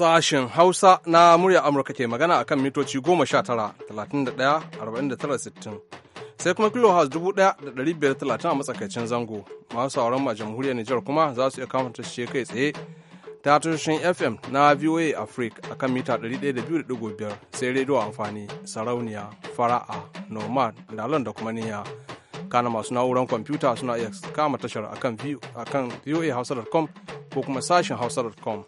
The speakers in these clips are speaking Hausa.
sashen Hausa na murya Amurka ke magana akan mitoci 19, 31, tara 60. sai kuma kilohertz 1530 a matsakaicin zango masu sauran a jamhuriyar Nijar kuma za su iya kamata ce kai tsaye ta tushen FM na VOA Africa a kan mita 102.5 sai rediyo amfani sarauniya fara'a nomad dalon da kuma niyya kana masu na'uran kwamfuta suna iya kama tashar akan Hausa.com ko kuma sashen hausa.com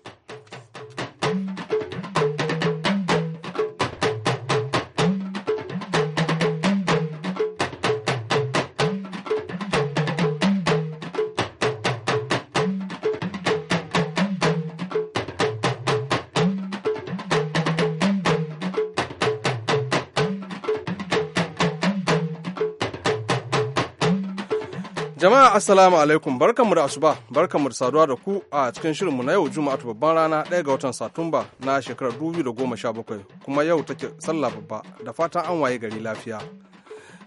Jama'a Assalamu alaikum barkanmu da asuba barkanmu da saduwa da ku a cikin mu na yau Juma'a ta babban rana daya ga watan Satumba na shekarar 2017 kuma yau take sallah babba da fatan an waye gari lafiya.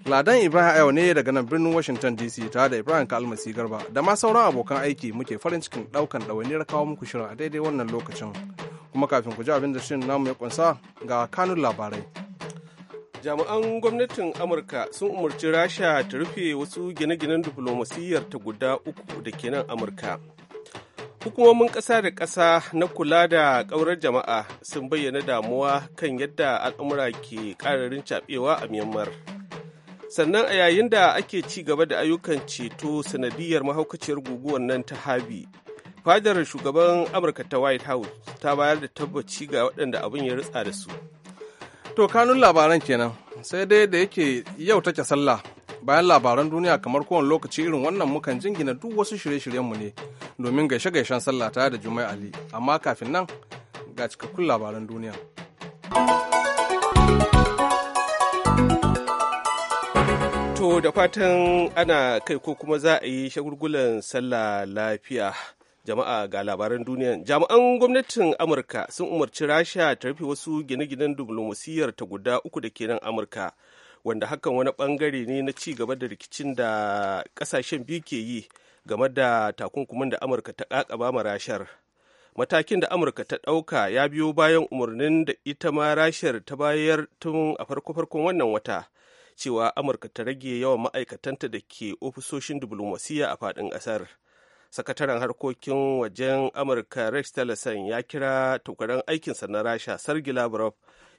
Ladan Ibrahim yau ne daga nan birnin Washington DC tare da Ibrahim Kalmasi Garba da ma sauran abokan aiki muke farin cikin ɗaukan ɗawainiyar kawo muku shirin a daidai wannan lokacin. Kuma kafin ku ji abin da shirin namu ya kunsa ga kanun labarai. jami'an gwamnatin amurka sun umarci rasha ta rufe wasu gine-ginen diflomasiyyar ta guda uku da ke nan amurka hukumomin ƙasa da ƙasa na kula da ƙaurar jama'a sun bayyana damuwa kan yadda al'amura ke ƙararin caɓewa a myanmar sannan a yayin da ake ci gaba da ayyukan ceto sanadiyar mahaukaciyar guguwar nan ta habi fadar shugaban amurka ta white house ta bayar da tabbaci ga waɗanda abin ya ritsa da su To kanun labaran kenan sai dai da yake yau take sallah bayan labaran duniya kamar kowane lokaci irin wannan mukan jingina duk wasu shirye-shiryenmu ne domin gaishe-gaishen sallah tare da Juma'a Ali amma kafin nan ga cikakkun labaran duniya. To da fatan ana kai ko kuma za a yi shagulgulan sallah lafiya. jama'a ga labaran duniya jami'an gwamnatin amurka sun umarci rasha ta rufe wasu gine-ginen diflomasiyyar ta guda uku da ke nan amurka wanda hakan wani bangare ne na ci gaba da rikicin da kasashen biyu ke yi game da takunkumin da amurka ta kakaba ma rashar matakin da amurka ta ɗauka ya biyo bayan umarnin da ita ma rashar ta bayar tun a farko-farkon wannan wata cewa amurka ta rage yawan ma'aikatanta da ke ofisoshin diflomasiyya a faɗin ƙasar sakataren harkokin wajen amurka rex tillerson ya kira tukurin aikinsa na rasha sergi lavrov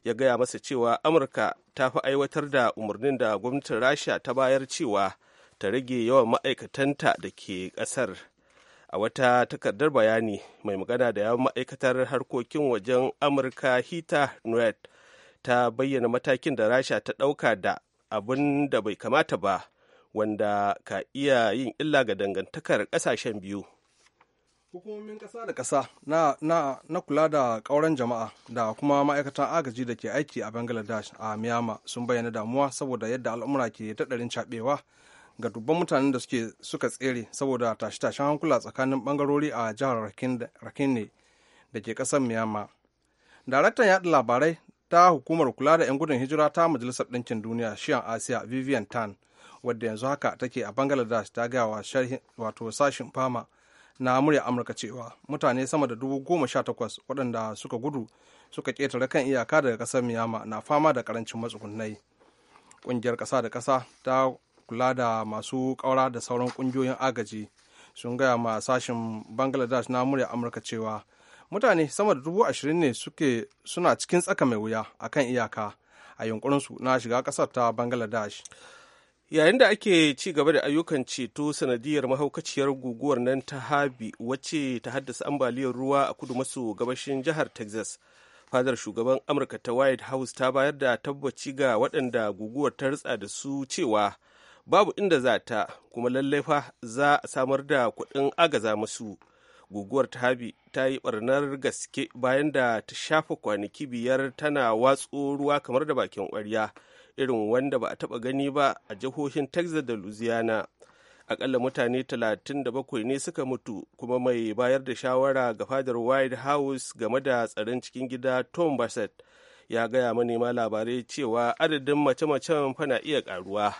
ya gaya masa cewa amurka ta fi aiwatar da umarnin da gwamnatin rasha ta bayar cewa ta rage yawan ma'aikatanta da ke ƙasar a wata takardar bayani mai magana da yawan ma'aikatar harkokin wajen amurka hita nuet ta bayyana matakin da rasha ta ɗauka da abin da bai kamata ba wanda ka iya yin illa ga dangantakar kasashen biyu hukumomin ƙasa da ƙasa na, kula da ƙauren jama'a da kuma ma'aikatan agaji da ke aiki a bangladesh a miyama sun bayyana damuwa saboda yadda al'umma ke daɗarin caɓewa ga dubban mutanen da suke suka tsere saboda tashe-tashen hankula tsakanin bangarori a jihar rakine da ke ƙasar miyama daraktan yaɗa labarai ta hukumar kula da 'yan gudun hijira ta majalisar ɗinkin duniya shiyan asiya vivian tan wadda yanzu haka take a bangladesh ta gaya wa wato sashin fama na murya amurka cewa mutane sama da dubu goma sha takwas waɗanda suka gudu suka ƙetare kan iyaka daga ƙasar miyama na fama da ƙarancin matsugunai ƙungiyar ƙasa da ƙasa ta kula da masu ƙaura da sauran ƙungiyoyin agaji sun gaya ma sashen bangladesh na murya amurka cewa mutane sama da dubu ashirin ne suke suna cikin tsaka mai wuya akan iyaka a yunkurinsu na shiga ƙasar ta bangladesh yayin da ake ci gaba da ayyukan ceto sanadiyar mahaukaciyar guguwar nan ta habi wacce ta haddasa ambaliyar ruwa a kudu maso gabashin jihar texas fadar shugaban amurka ta white house ta bayar da tabbaci ga waɗanda guguwar ta ritsa da su cewa babu inda za ta kuma lallai fa za a samar da kuɗin agaza masu guguwar Tahabi ta yi barnar gaske bayan da ta shafa kwanaki biyar tana watso ruwa kamar da bakin kwarya irin wanda ba a taba gani ba a jihohin texas da louisiana akalla mutane 37 ne suka mutu kuma mai bayar da shawara ga fadar white house game da tsaron cikin gida tom bassett ya gaya manema labarai cewa adadin mace-macen na iya karuwa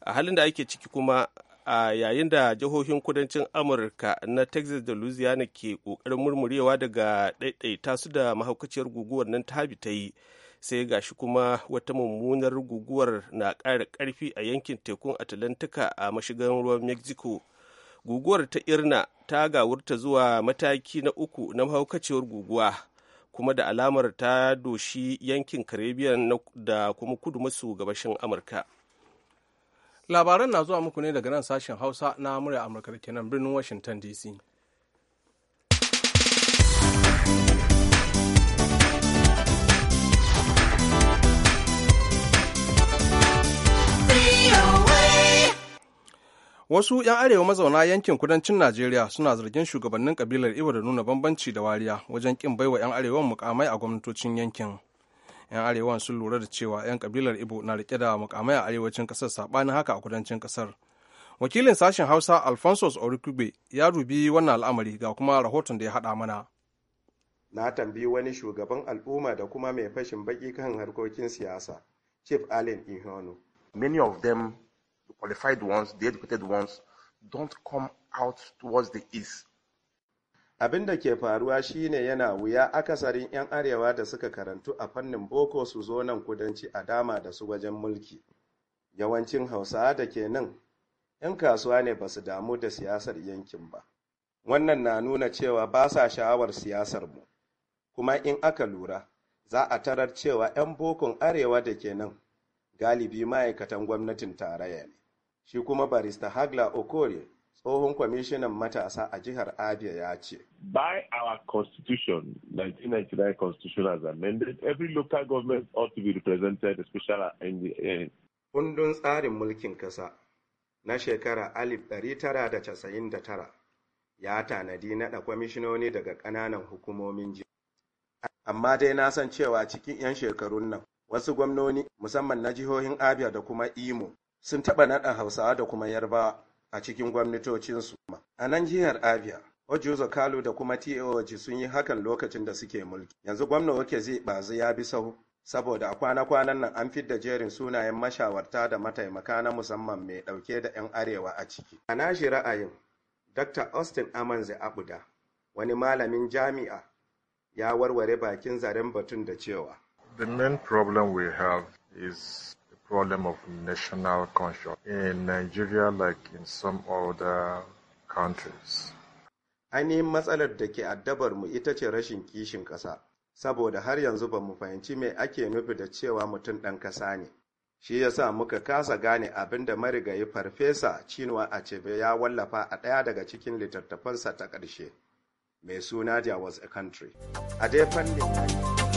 a halin da ake ciki kuma a yayin da jihohin kudancin amurka na texas da louisiana ke ƙoƙarin murmurewa daga ɗaiɗaita su da mahaukaciyar guguwar nan ta ta yi sai gashi kuma wata mummunar guguwar na ƙara ƙarfi a yankin tekun atlantika a mashigan ruwan mexico guguwar ta irna ta gawurta zuwa mataki na uku na mahaukaciyar guguwa kuma da alamar ta doshi yankin caribbean da kuma kudu maso gabashin amurka labaran na zuwa muku ne daga nan sashen hausa na murya amurka da kenan birnin washington dc wasu 'yan arewa mazauna yankin kudancin najeriya suna zargin shugabannin kabilar ibo da nuna bambanci da wariya wajen kin baiwa 'yan arewa mukamai a gwamnatocin yankin 'yan arewa sun lura da cewa 'yan kabilar ibo na rike da mukamai a arewacin kasar saɓanin haka a kudancin kasar wakilin sashen hausa alphonsus orikube ya rubi wannan al'amari ga kuma rahoton da ya haɗa mana na tambi wani shugaban al'umma da kuma mai fashin baki kan harkokin siyasa chief allen ihonu many of them the qualified ones the educated ones don't come out towards the east abin da ke faruwa shine yana wuya akasarin 'yan arewa da suka karantu a fannin boko su zo nan kudanci a dama da su wajen mulki yawancin hausawa da ke nan 'yan kasuwa ne ba su damu da siyasar yankin ba wannan na nuna cewa ba sa sha'awar siyasar mu kuma in aka lura za a tarar cewa 'yan bokon arewa da ke nan galibi ma'aikatan gwamnatin tarayya ne shi kuma barista hagla okore tsohon kwamishinan matasa a jihar abia ya ce by our constitution 1999 constitution as amended every local government ought to be represented especially in the kundin tsarin mulkin kasa na shekara 1999 ya tanadi naɗa kwamishinoni daga ƙananan hukumomin ji amma dai na san cewa cikin 'yan shekarun nan wasu gwamnoni musamman na jihohin abia da kuma imo sun taɓa naɗa hausawa da kuma yarbawa a cikin gwamnatocinsu. A nan jihar Abia, Ojuzo Kalu da kuma TOG sun yi hakan lokacin da suke mulki. Yanzu gwamna wake zai bazu ya bi sahu saboda a kwana-kwanan nan an fidda jerin sunayen mashawarta da mataimaka na musamman mai ɗauke da 'yan arewa a ciki. A nashi ra'ayin, Dr. Austin Amanze Abuda, wani malamin jami'a, ya warware bakin zaren batun da cewa. The main problem we have is problem of national conscience in Nigeria like in some other countries. Ainihin matsalar da ke addabar mu ita ce rashin kishin ƙasa, saboda har yanzu ba mu fahimci mai ake nufi da cewa mutum ɗan ƙasa ne. Shi ya sa muka kasa gane abin da marigayi Farfesa Chinua Achebe ya wallafa a ɗaya daga cikin littattafansa ta ƙarshe, mai suna There was a country. A dai fannin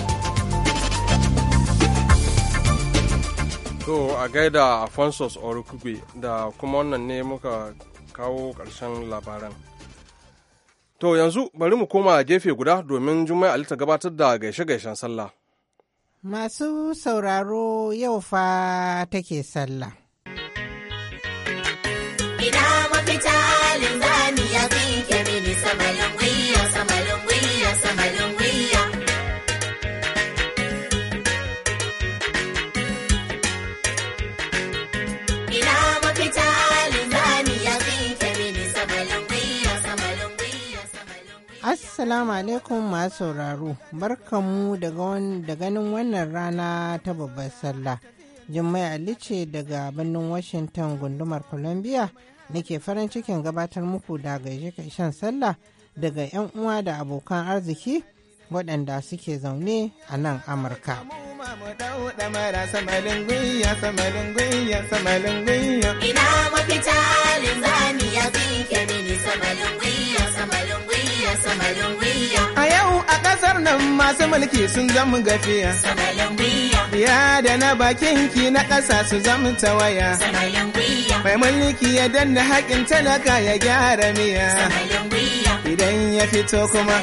To a gaida Afonsos Orukugwe da kuma wannan ne muka kawo ƙarshen labaran. To yanzu bari mu koma gefe guda domin Jummai Ali ta gabatar da gaishe-gaishen sallah. Masu sauraro yau fa take sallah. Ina mafita Assalamu alaikum masu sauraro, barkanmu da ganin wannan rana ta babbar sallah. Jummai Ali ce daga birnin Washington gundumar Columbia nake farin cikin gabatar muku da gaishe shan sallah daga 'yan uwa da abokan arziki waɗanda suke zaune a nan Amurka. Ina mafita linzani ya bi mini samalin A yau a ƙasar nan masu mulki sun zama gafiya. Ya da na bakin ki na ƙasa su zama tawaya. Mai mulki ya danna haƙin talaka ya gyara miya. Idan ya fito kuma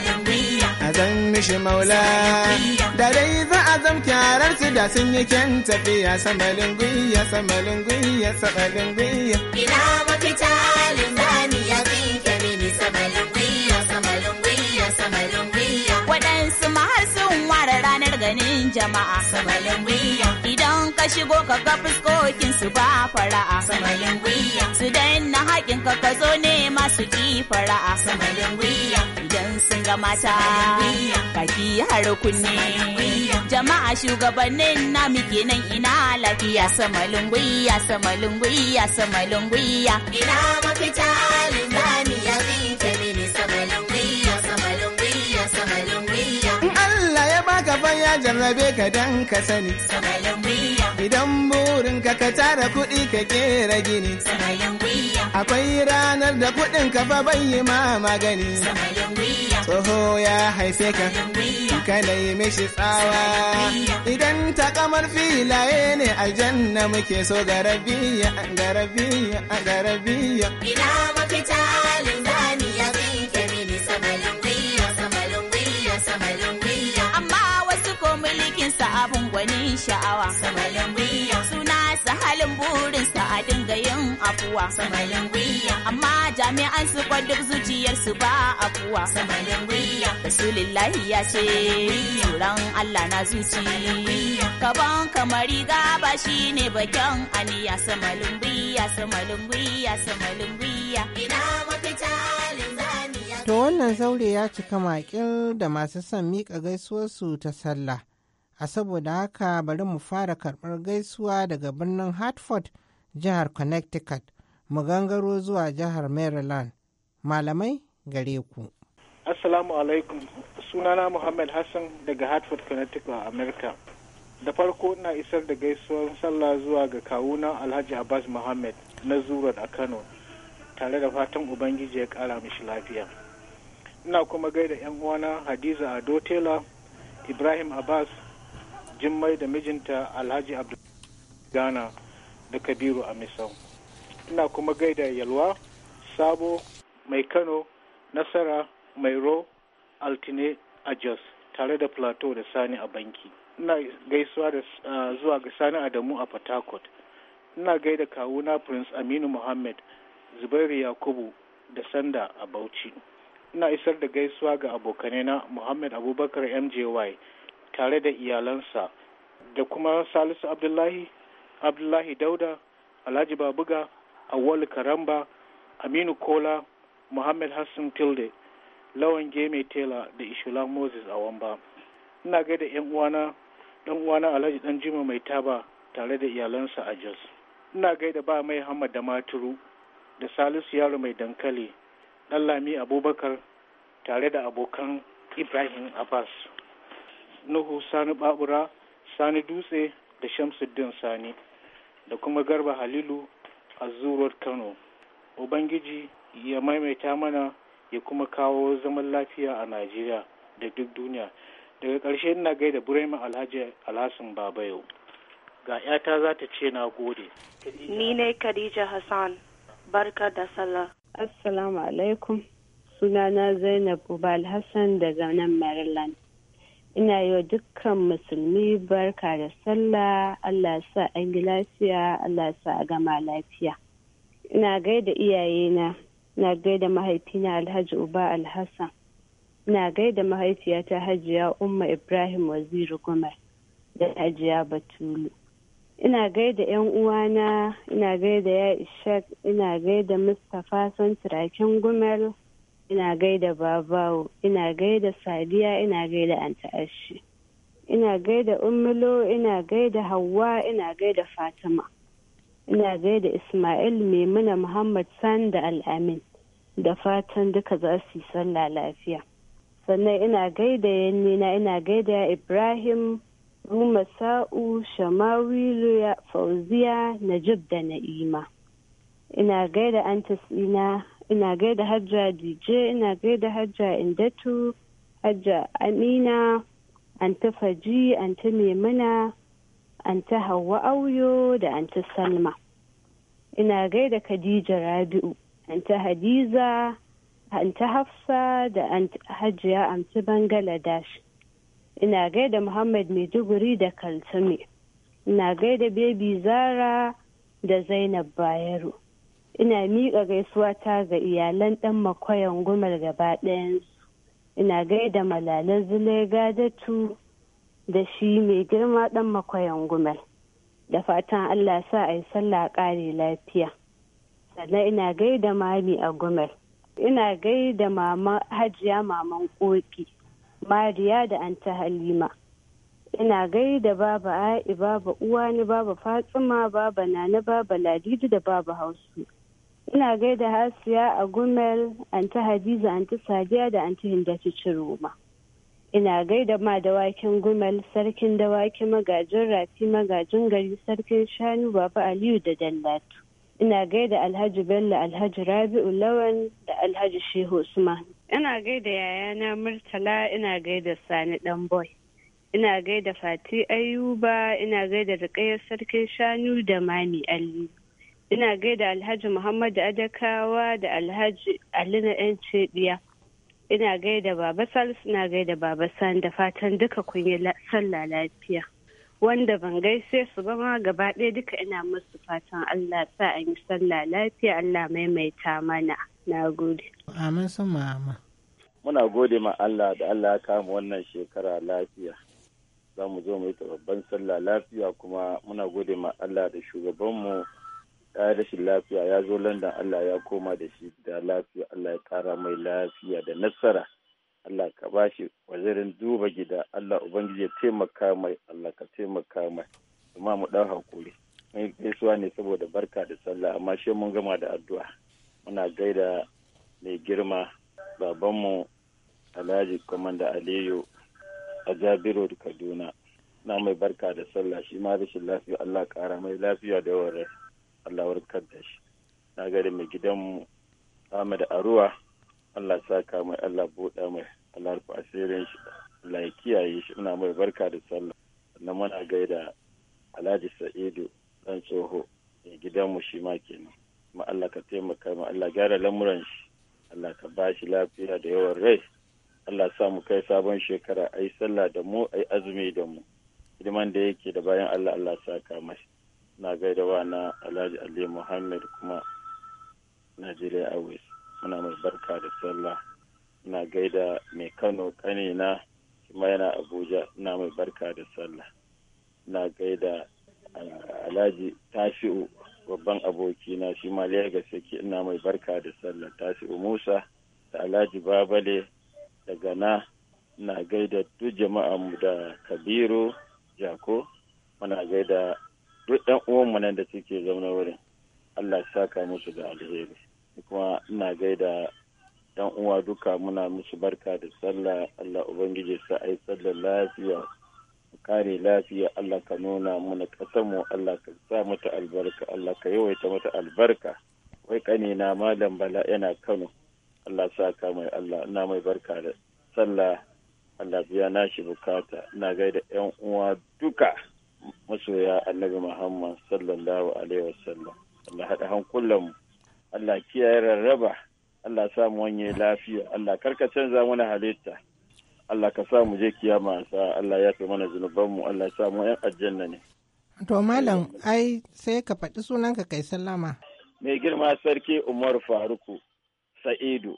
a zan mishi maula. Da dai za a zam kyarar su da sun yi kyan tafiya. Samalin gwiya, samalin gwiya, Ina ba. cikin jama'a. Samalin wiya. Idan ka shigo ka ga fuskokin su ba fara'a. Samalin wiya. Su danna haƙin ka ka zo ne masu ki fara'a. Samalin wiya. Idan sun ga mata. Kaki har kunne. Jama'a shugabannin na muke nan ina lafiya. Samalin wiya, samalin wiya, samalin wiya. Ina mafita jarrabe ka dan ka sani. Idan burin ka ka tara kuɗi ka kera gini. Akwai ranar da kuɗin ka fa bai yi ma magani. Tsoho ya haife ka, ka nemi shi tsawa. Idan ta kamar filaye ne aljanna muke so garabiya, garabiya, garabiya. Ina mafita sha'awa samalin wiya suna su halin burin sa a dinga yin afuwa samalin wiya amma jami'an su duk zuciyar su ba afuwa samalin wiya rasulullahi ya ce tsoron Allah na zuci kaban kamari gaba ne bakin aniya samalin wiya samalin wiya samalin wiya ina mafita To wannan zaure ya cika makil da masu son miƙa gaisuwarsu ta sallah a saboda haka bari mu fara karɓar gaisuwa daga birnin hartford jihar connecticut mu gangaro zuwa jihar maryland malamai gare ku assalamu alaikum sunana muhammad hassan daga hartford connecticut a america da farko ina isar da gaisuwar sallah zuwa ga kawuna alhaji abbas muhammad na zurar a kano tare da fatan ubangiji ya kara mishi lafiya ina kuma gaida yan uwana hadiza ado tela ibrahim abbas jimmai da mijinta alhaji abdul gana da kabiru a misau ina kuma gaida yalwa sabo mai kano nasara mai ro altine a jos tare da plateau da sani a banki ina gaisuwa da zuwa ga sani adamu a port ina gaida kawuna prince aminu muhammad zubairu yakubu da sanda a bauchi ina isar da gaisuwa ga abokanena muhammad abubakar mjy tare da iyalansa da kuma salisu abdullahi abdullahi dauda alhaji babuga auwalu karamba aminu kola muhammad hassan tilde lawan geme tela da ishula moses a wamba ina gaida yan uwana dan uwana alhaji dan jima mai taba tare da iyalansa a jos ina gaida ba mai hamad da maturu da salisu yaro mai dankali dan lami abubakar tare da abokan ibrahim abbas nuhu sani babura sani dutse da shamsuddin sani da kuma garba halilu a zuruwar kano ubangiji ya maimaita mana ya kuma kawo zaman lafiya a najeriya da duk duniya daga ƙarshe ina gaida burema alhaji alhassan babayo ga 'yata za ta ce na gode ni ne khadija hassan barka da sallah assalamu alaikum sunana zainab ubal hassan daga nan maryland ina yi wa dukkan musulmi barka da sallah allah sa an yi lafiya allah sa a gama lafiya ina gaida iyayena ina gaida mahaifina alhaji uba alhassan ina gaida mahaifiyata hajiya umma ibrahim waziri gumar da hajiya batulu ina gaida yan uwana ina gaida ya ishak ina gaida mustapha son turaken gumel ina gaida babawo ina gaida sadiya ina gaida anta'ashi ina gaida umilo ina gaida hawa ina gaida fatima ina gaida ismail maimuna muhammad sani da al'amin da fatan duka za su yi sallah lafiya sannan ina gaida yannina ina gaida ibrahim ruma sa'u shamawi fauziya najib da na'ima ina gaida an tasina ina gaida hajja dj ina gaida hajja indatu hajja amina anta faji anta maimuna anta hawa auyo da anta salma ina gaida khadija rabi'u anta hadiza anta hafsa da hajiya amci bangaladesh ina gaida muhammad maiduguri da kaltume ina gaida bebi zara da zainab bayero ina miƙa gaisuwa ta ga iyalan ɗan makwayan gumar gaba ɗayansu ina gaida malalar zulai gadatu da shi mai girma ɗan makwayan gumar da fatan allah sa a yi sallah ƙare lafiya sannan ina gaida mami a gumar ina gaida mama hajiya maman ƙoƙi mariya da an ta halima ina gaida baba a'i baba uwani baba fatsima baba nana baba ladidi da baba hausu ina gaida hasiya a gumel anti hadiza anti sadiya da anti hindati ciroma ina gaida ma dawakin gumel sarkin dawaki magajin rafi magajin gari sarkin shanu baba aliyu da dallatu ina gaida alhaji bello alhaji rabi'u lawan da alhaji shehu usman ina gaida yayana murtala ina gaida sani dan boy ina gaida fati ayuba ina gaida rikayar sarkin shanu da mami aliyu ina gaida alhaji muhammadu adakawa da alhaji alina yan cediya ina gaida baba salisu ina gaida baba san da fatan duka kun yi sallah lafiya wanda ban gaishe su ba ma gaba ɗaya duka ina musu fatan allah sa an yi sallah lafiya allah maimaita mana na gode amin sun ma'ama muna gode ma allah da allah ya kama wannan shekara lafiya za mu zo mu yi babban sallah lafiya kuma muna gode ma allah da shugabanmu ya rashin lafiya ya zo london allah ya koma da shi da lafiya allah ya kara mai lafiya da nasara allah ka ba shi wazirin duba gida allah ubangiji ya taimaka mai allah ka taimaka mai amma mu ɗan hakuri mun gaisuwa ne saboda barka da sallah amma shi mun gama da addu'a muna gaida mai girma babanmu alhaji komanda aliyu a jabiru kaduna na mai barka da sallah shi ma rashin lafiya allah kara mai lafiya da yawan rai. Allah warkar da shi na gari mai gidanmu da Aruwa Allah saka mai Allah buɗa mai Allah rufe asirin shi Allah ya kiyaye shi ina mai barka da sallah sannan muna gaida Alhaji Sa'idu dan tsoho mai mu shi ma kenan ma Allah ka taimaka ma Allah gyara lamuran shi Allah ka ba shi lafiya da yawan rai Allah sa mu kai sabon shekara ayi sallah da mu ayi azumi da mu hidiman da yake da bayan Allah Allah saka mai na gaida wa na alhaji ali muhammad kuma najeriya awe muna mai barka da sallah na gaida mai kano na kuma yana abuja na mai barka da sallah na gaida eh, alhaji tashi'u babban abokina shi ma Legas yake ina mai barka da sallah tashi'u musa da alhaji babale daga na na gaida duk jama'a mu da kabiru jako muna gaida duk ɗan uwanmu nan da suke zaune wurin Allah saka musu da alheri kuma ina gaida ɗan uwa duka muna musu barka da sallah Allah ubangiji sa ai sallar lafiya kare lafiya Allah ka nuna mana mu Allah ka sa mata albarka Allah ka yawaita mata albarka wai kanina malam bala yana Kano Allah saka mai Allah ina mai barka da sallah Allah biya nashi bukata ina gaida yan uwa duka masoya annabi muhammad sallallahu alaihi wasallam allah haɗa hankulan mu allah kiyaye rarraba allah sa mu wanye lafiya allah karka canza mana halitta allah ka sa mu je kiyama sa allah ya fi mana zunubanmu allah sa mu yan aljanna ne to malam ai sai ka faɗi ka kai sallama mai girma sarki umar faruku sa'idu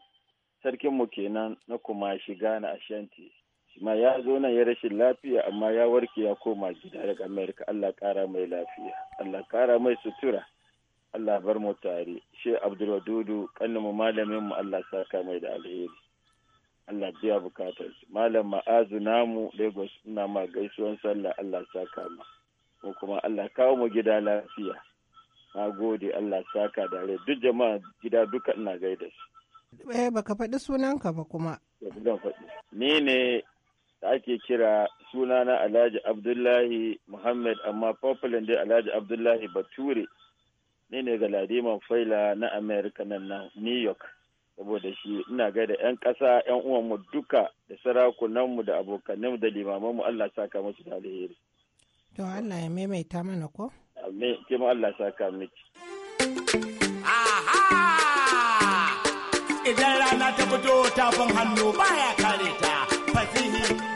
sarkin mu kenan na kuma shiga na ashanti ma ya zo nan ya rashin lafiya amma ya warke ya koma gida daga amerika allah kara mai lafiya allah kara mai sutura allah bar mu tare shi abdulwadudu mu malamin mu allah saka mai da alheri allah biya bukatar malam ma'azu namu lagos ina ma gaisuwan sallah allah saka ma ko kuma allah kawo mu gida lafiya na gode allah saka da duk jama'a gida duka ina gaida su Eh baka faɗi sunanka ba kuma. Ni ne da ake kira sunana Alhaji Abdullahi Muhammad amma popular dai Alhaji Abdullahi Bature ne ne ga Ladiman Faila na America nan na New York. Saboda shi ina ga da 'yan ƙasa 'yan uwanmu duka da sarakunanmu da abokananmu da limamanmu Allah saka musu da alheri. To Allah ya maimaita mana ko? Amin, ke ma Allah saka miki. Aha! Idan rana ta fito tafin hannu baya kare ta fasihi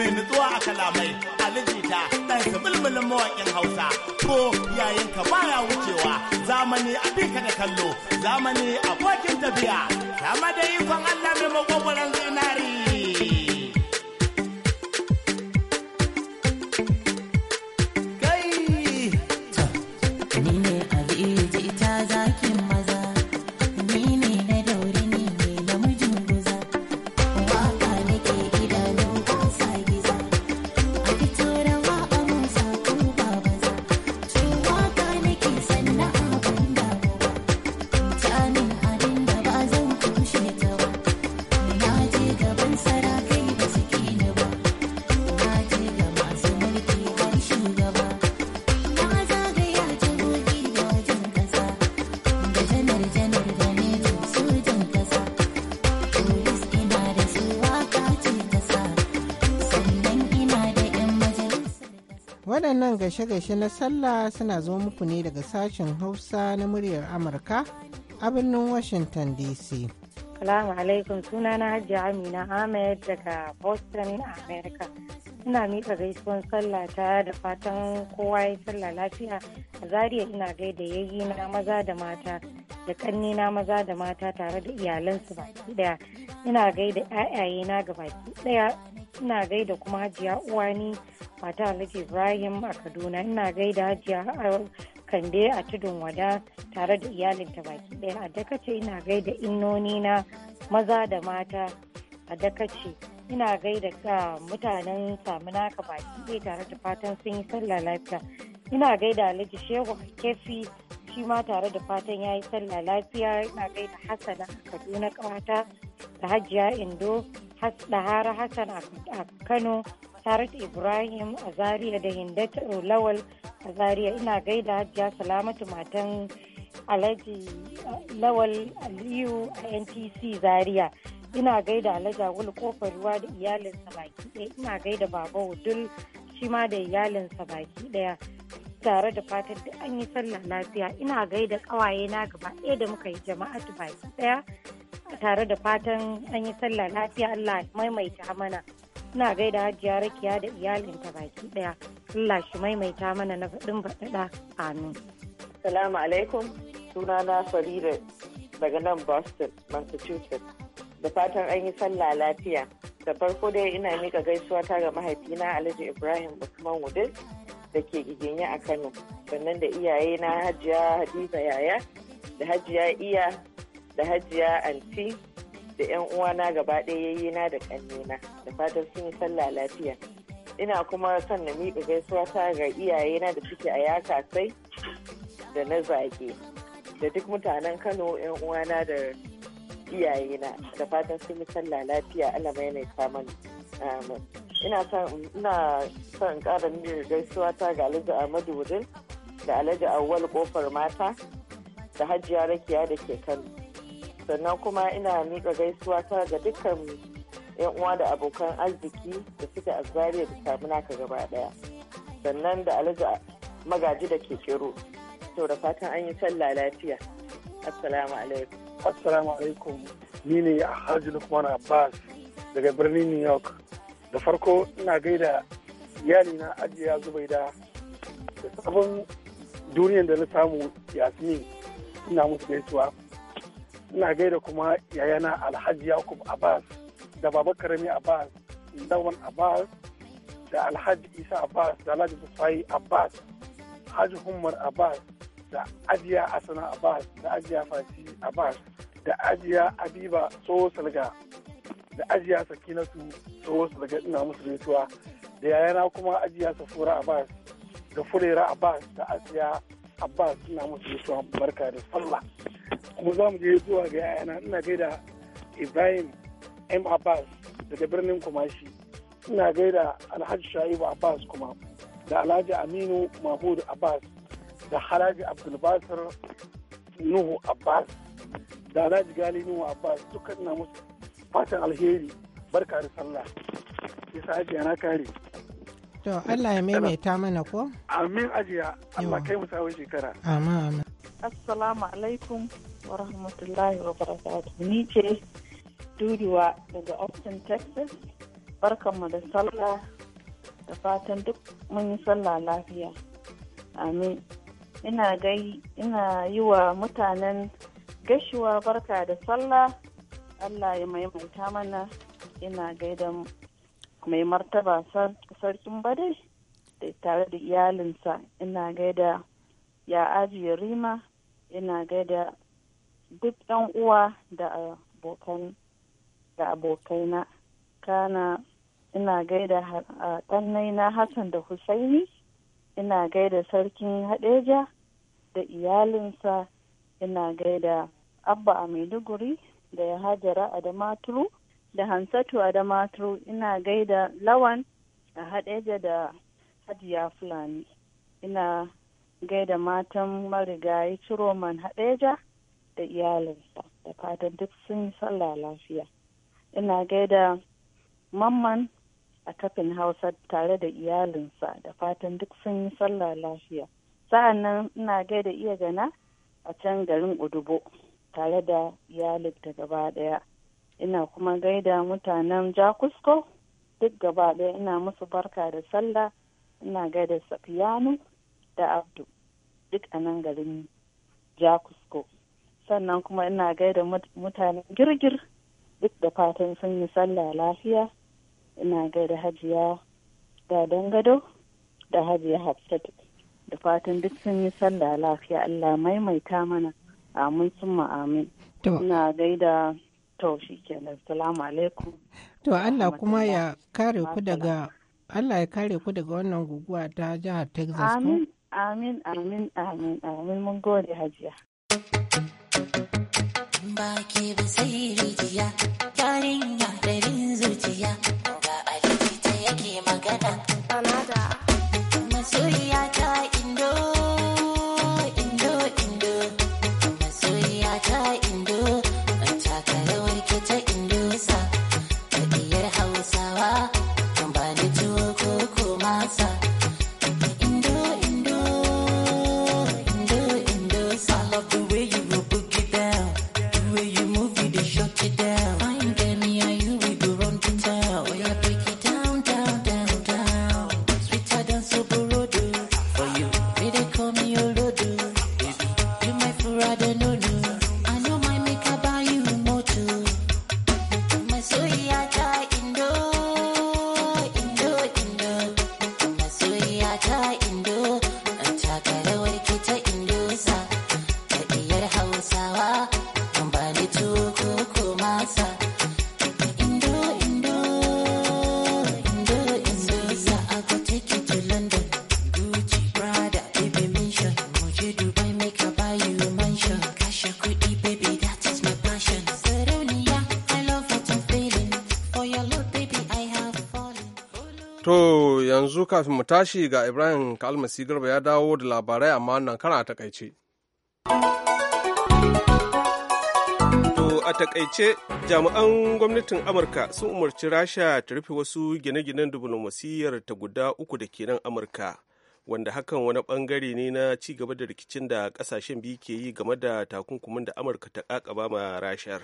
mai nutsuwa a kalamai alijita ɗan mulmulin mawaƙin hausa ko yayin ka baya wucewa zamani abin ka da kallo zamani abokin tafiya kama da ikon allah mai makwabaran zinari waɗannan gashe-gashe na sallah suna zo muku ne daga sashen hausa na muryar amurka a birnin washington dc Salamu alaikum sunana Hajiya Amina Ahmed daga Boston a America. Ina miƙa gaisuwan sallah ta da fatan kowa ya sallah lafiya. A zariya ina gaida yayi na maza da mata da kanni na maza da mata tare da iyalansu baki ɗaya. Ina gaida ƴaƴaye na ga baki ɗaya. Ina gaida kuma Hajiya Uwani mata Alhaji Ibrahim a Kaduna. Ina gaida Hajiya kande a tudun wada tare da iyalinta baki ɗaya a dakace ina gaida innoni na maza da mata a dakace ina gaida ka mutanen samunaka baki ɗaya tare da fatan sun yi sallah lafiya ina gaida alhaji shehu kefi shi ma tare da fatan ya yi sallah lafiya ina gaida hasana a kaduna kawata da hajiya indo da hara hasan a kano tare da ibrahim a zaria da hindata lawal a Zariya ina gaida hajiya salamatu matan alhaji lawal aliyu a ntc Zariya ina gaida alhaji agulu kofar ruwa da iyalinsa baki ɗaya ina gaida baba hudul shi ma da iyalinsa baki ɗaya tare da fatan da an yi sallah lafiya ina gaida kawaye na gaba ɗaya da muka yi jama'atu baki ɗaya tare da fatan an yi sallah lafiya Allah maimaita mana ina gaida hajiya rakiya da iyalinta baki ɗaya Allah shi maimaita mana na faɗin faɗaɗa amin. Salamu alaikum suna na Farida daga nan Boston, Massachusetts. Da fatan an yi sallah lafiya. Da farko dai ina mika gaisuwa ta ga mahaifina Alhaji Ibrahim Usman Wudil da ke giginye a Kano. Sannan da iyaye na Hajiya Hadiza Yaya, da Hajiya Iya, da Hajiya Anti, da 'yan uwana gaba ɗaya da ƙannena. Da fatan sun yi sallah lafiya. ina kuma son na miƙa gaisuwa ta ga iyayena da suke a yaka sai da na zage da duk mutanen kano yan uwana da iyayena da fatan sun yi sallah lafiya allah mai ne ina son ina son ƙara miƙa gaisuwa ta ga alhaji ahmadu wudin da alhaji awwal kofar mata da hajiya rakiya da ke kano sannan kuma ina miƙa gaisuwa ta ga dukkan yan uwa da abokan arziki da suke a zariya da samu naka gaba daya sannan da alaji magaji da ke kero to da fatan an yi sallah lafiya assalamu alaikum assalamu alaikum ni ne alhaji lukman abbas daga birnin new york da farko ina gaida iyali na ajiya zubaida da sabon duniyar da na samu yasmin ina musu gaisuwa ina gaida kuma yayana alhaji yakub abbas da baba karami abbas lawan abbas da alhaji isa abbas da alhaji bufai abbas haji humar abbas da ajiya asana abbas da ajiya fati abbas da ajiya abiba tsoho salga da ajiya sakinatu tsoho salga ina musu rituwa da yayana kuma ajiya safura abbas da furera abbas da ajiya abbas ina musu rituwa barka da sallah kuma za mu je zuwa ga yayana ina gaida ibrahim M Abbas daga birnin Kumashi. Ina gaida Alhaji Shaibu Abbas kuma da Alhaji Aminu Mahmud Abbas da Alhaji Abdulbasar Nuhu Abbas da Alhaji Gali Nuhu Abbas dukkan na musu fatan alheri barka da sallah. Isa ajiya na kare. To Allah ya maimaita mana ko? Amin ajiya Allah kai mu sawun shekara. Amin amin. Assalamu alaikum wa rahmatullahi wa barakatuh. Ni ce Duriwa daga Austin, Texas. Barkanmu da sallah da fatan duk mun yi sallah lafiya. Amin. Ina gai ina yi wa mutanen gashuwa barka da sallah. Allah ya maimaita mana ina gaida mai martaba sarkin bade da tare da iyalinsa ina gaida ya ajiye rima ina gaida duk yan uwa da abokan da abokaina kana ina gaida ɗannaina hassan da husaini ina gaida sarkin hadeja da iyalinsa ina gaida abba a maiduguri da ya hajara a damaturu da hansatu a damaturu ina gaida lawan a hadeja da hajiya fulani ina gaida matan marigayi ciroman hadeja da iyalinsa da fatan duk sun yi sallah lafiya ina gaida mamman a kafin hausa tare da iyalinsa da fatan duk sun yi sallah lafiya sa'annan ina gaida iya gana a can garin udubo tare da iyalin da gaba daya ina kuma gaida mutanen jakusko duk gaba daya ina musu barka da sallah ina gaida safiyanu da abdu duk a nan garin jakusko sannan kuma ina gaida mutanen girgir duk da fatan sun yi sallah lafiya ina gaida hajiya da gado da hajiya hafsat da fatan duk sun yi sallah lafiya allah maimaita mana amin sun amin ina gaida to shi kenan salamu alaikum to allah kuma ya kare ku daga allah ya kare ku daga wannan guguwa ta jihar texas amin amin amin amin amin mun gode hajiya magana. kafin mu tashi ga Ibrahim Kalmasi Garba ya dawo da labarai amma nan kana a takaice. To a takaice jami'an gwamnatin Amurka sun umarci Rasha ta rufe wasu gine-ginen diflomasiyyar ta guda uku da ke nan Amurka. Wanda hakan wani bangare ne na ci gaba da rikicin da kasashen biyu ke yi game da takunkumin da Amurka ta kakaba ma rashar.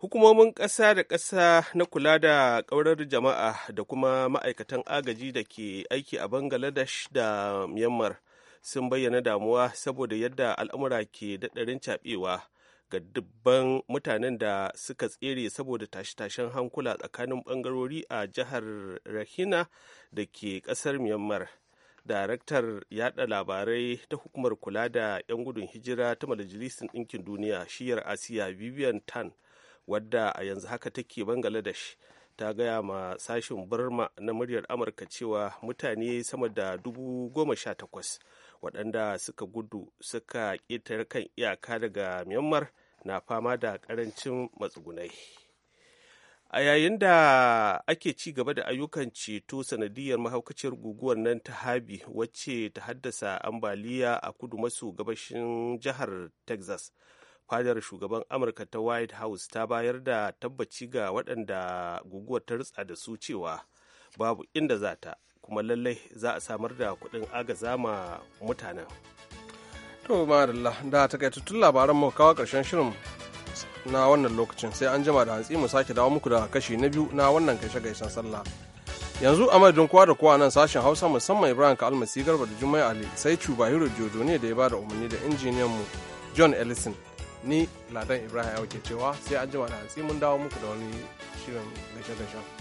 hukumomin ƙasa da ƙasa na kula da ƙaurar jama'a da kuma ma'aikatan agaji da ke aiki a bangladesh da myanmar sun bayyana damuwa saboda yadda al'amura ke daɗarin caɓewa ga dubban mutanen da suka tsere saboda tashe-tashen hankula tsakanin ɓangarori a jihar rahina da ke ƙasar myanmar daraktar yada labarai ta hukumar kula da 'yan gudun hijira ta majalisar ɗinkin duniya shiyar asiya vivian tan wadda a yanzu haka take bangladesh ta gaya ma sashin burma na muryar amurka cewa mutane sama da dubu goma sha takwas waɗanda suka gudu suka ƙetare kan iyaka daga myanmar na fama da ƙarancin matsugunai a yayin da ake ci gaba da ayyukan ceto sanadiyar mahaukaciyar guguwar nan ta habi wacce ta haddasa ambaliya a kudu maso gabashin jihar texas fadar shugaban amurka ta white house ta bayar da tabbaci ga waɗanda guguwar ta ritsa da su cewa babu inda za ta kuma lallai za a samar da kuɗin agaza ma mutanen to madalla da takaitattun labaran mu kawo ƙarshen shirin na wannan lokacin sai an jima da hantsi mu sake dawo muku da kashi na biyu na wannan kashe gaishen sallah yanzu a madadin kowa da kowa nan sashen hausa musamman ibrahim ka almasi garba da jumai ali sai cuba hiro jojo ne da ya ba da umarni da injiniyan mu john ellison ni ladan ibrahim ke cewa sai an wa da hantsi mun dawo muku da wani shirin gashe-gashen